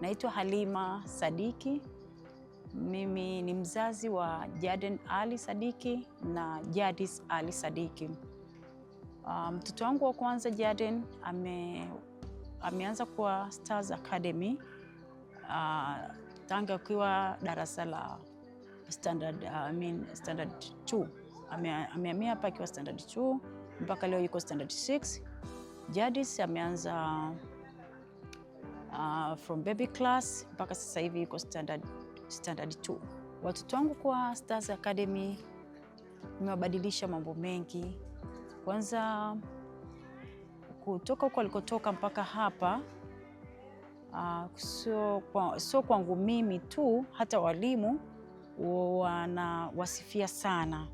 Naitwa Halima Sadiki. Mimi ni mzazi wa Jaden Ali Sadiki na Jadis Ali Sadiki. Um, mtoto um, wangu wa kwanza Jaden ame, ameanza kuwa Stars Academy uh, tangu akiwa darasa la standard, uh, I mean standard 2 amehamia hapa akiwa standard 2 mpaka leo yuko standard 6. Jadis ameanza Uh, from baby class mpaka sasa hivi iko standard, standard 2. Watoto wangu kwa Stars Academy nimewabadilisha mambo mengi, kwanza kutoka huko alikotoka mpaka hapa uh, sio kwa, so kwangu mimi tu, hata walimu wanawasifia sana,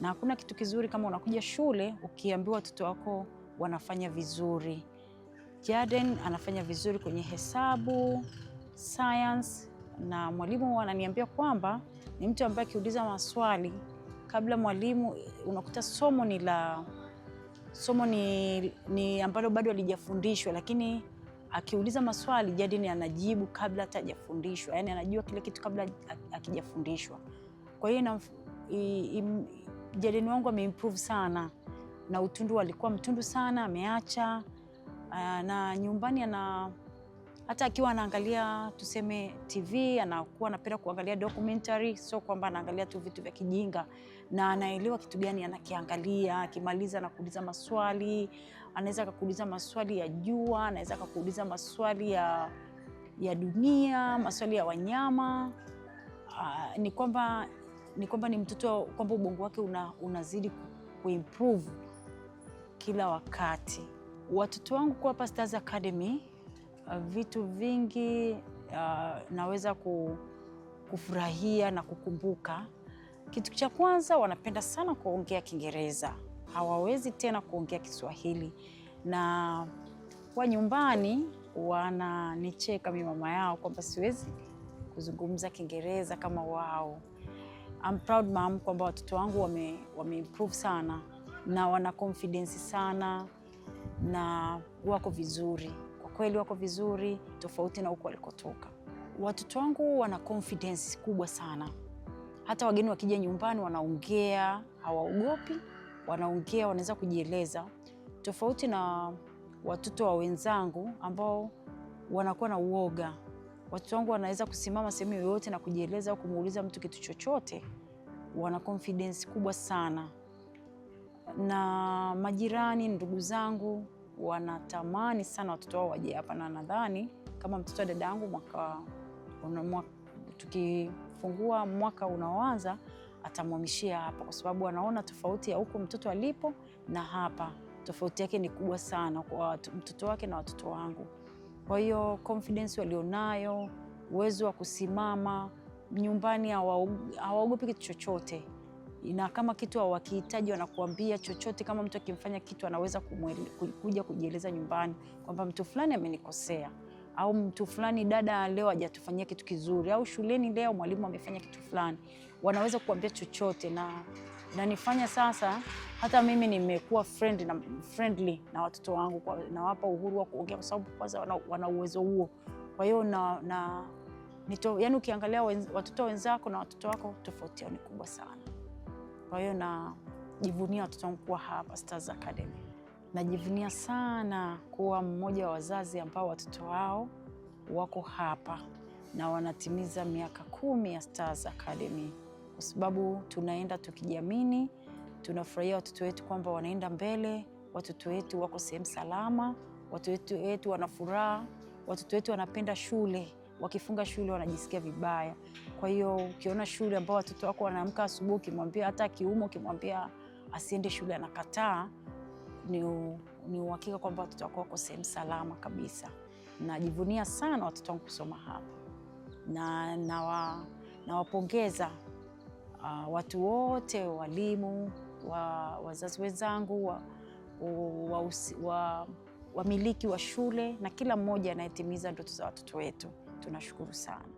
na hakuna kitu kizuri kama unakuja shule ukiambiwa watoto wako wanafanya vizuri. Jaden anafanya vizuri kwenye hesabu, science na mwalimu ananiambia kwamba ni mtu ambaye akiuliza maswali kabla mwalimu, unakuta somo ni la somo ni, ni ambalo bado alijafundishwa, lakini akiuliza maswali Jaden anajibu kabla hata hajafundishwa, yani anajua kile kitu kabla akijafundishwa. Kwa hiyo Jaden wangu ameimprove sana, na utundu alikuwa mtundu sana, ameacha Ah, na nyumbani ana hata akiwa anaangalia tuseme TV anakuwa anapenda kuangalia documentary, sio kwamba anaangalia tu vitu vya kijinga, na anaelewa kitu gani anakiangalia. Akimaliza anakuuliza maswali, anaweza akakuuliza maswali ya jua, anaweza akakuuliza maswali ya, ya dunia, maswali ya wanyama. Uh, ni kwamba ni kwamba ni mtoto kwamba ubongo wake una, unazidi kuimprove kila wakati watoto wangu kuwa Pastors Academy uh, vitu vingi uh, naweza kufurahia na kukumbuka. Kitu cha kwanza, wanapenda sana kuongea Kiingereza, hawawezi tena kuongea Kiswahili, na kwa nyumbani wananicheka mimi mama yao kwamba siwezi kuzungumza Kiingereza kama wao. I'm proud mom kwamba watoto wangu wame, wame improve sana na wana confidence sana na wako vizuri, kwa kweli wako vizuri, tofauti na huko walikotoka. Watoto wangu wana confidence kubwa sana, hata wageni wakija nyumbani wanaongea, hawaogopi, wanaongea, wanaweza kujieleza, tofauti na watoto wa wenzangu ambao wanakuwa na uoga. Watoto wangu wanaweza kusimama sehemu yoyote na kujieleza au kumuuliza mtu kitu chochote, wana confidence kubwa sana na majirani, ndugu zangu wanatamani sana watoto wao waje hapa, na nadhani kama mtoto wa dada yangu mwaka, mwaka, tukifungua mwaka unaoanza atamhamishia hapa, kwa sababu anaona tofauti ya huko mtoto alipo na hapa, tofauti yake ni kubwa sana kwa mtoto wake na watoto wangu. Kwa hiyo confidence walionayo, uwezo wa kusimama nyumbani, hawaogopi kitu chochote na kama kitu hawakihitaji wanakuambia chochote. Kama mtu akimfanya kitu anaweza kumwele, kuja kujieleza nyumbani kwamba mtu fulani amenikosea au mtu fulani dada leo hajatufanyia kitu kizuri, au shuleni leo mwalimu amefanya kitu fulani. Wanaweza kuambia chochote, na nanifanya sasa hata mimi nimekuwa friend na, friendly na watoto wangu, nawapa uhuru wa kuongea kwa sababu kwanza wana uwezo huo. Kwa hiyo na, na, yani ukiangalia watoto wenzako na watoto wako tofauti yao ni kubwa sana. Kwa hiyo najivunia watoto wangu kuwa hapa Stars Academy. Najivunia sana kuwa mmoja wa wazazi ambao watoto wao wako hapa na wanatimiza miaka kumi ya Stars Academy, kwa sababu tunaenda tukijiamini, tunafurahia watoto wetu kwamba wanaenda mbele, watoto wetu wako sehemu salama, watoto wetu wana furaha, watoto wetu wanapenda shule wakifunga shule wanajisikia vibaya. Kwa hiyo ukiona shule ambao watoto wako wanaamka asubuhi, ukimwambia hata kiumo, ukimwambia asiende shule anakataa, ni uhakika kwamba watoto wako wako sehemu salama kabisa. Najivunia sana watoto wangu kusoma hapa na nawapongeza na uh, watu wote, walimu wa, wazazi wenzangu wa, wa, wa, wa wamiliki wa shule na kila mmoja anayetimiza ndoto za watoto wetu. tunashukuru sana.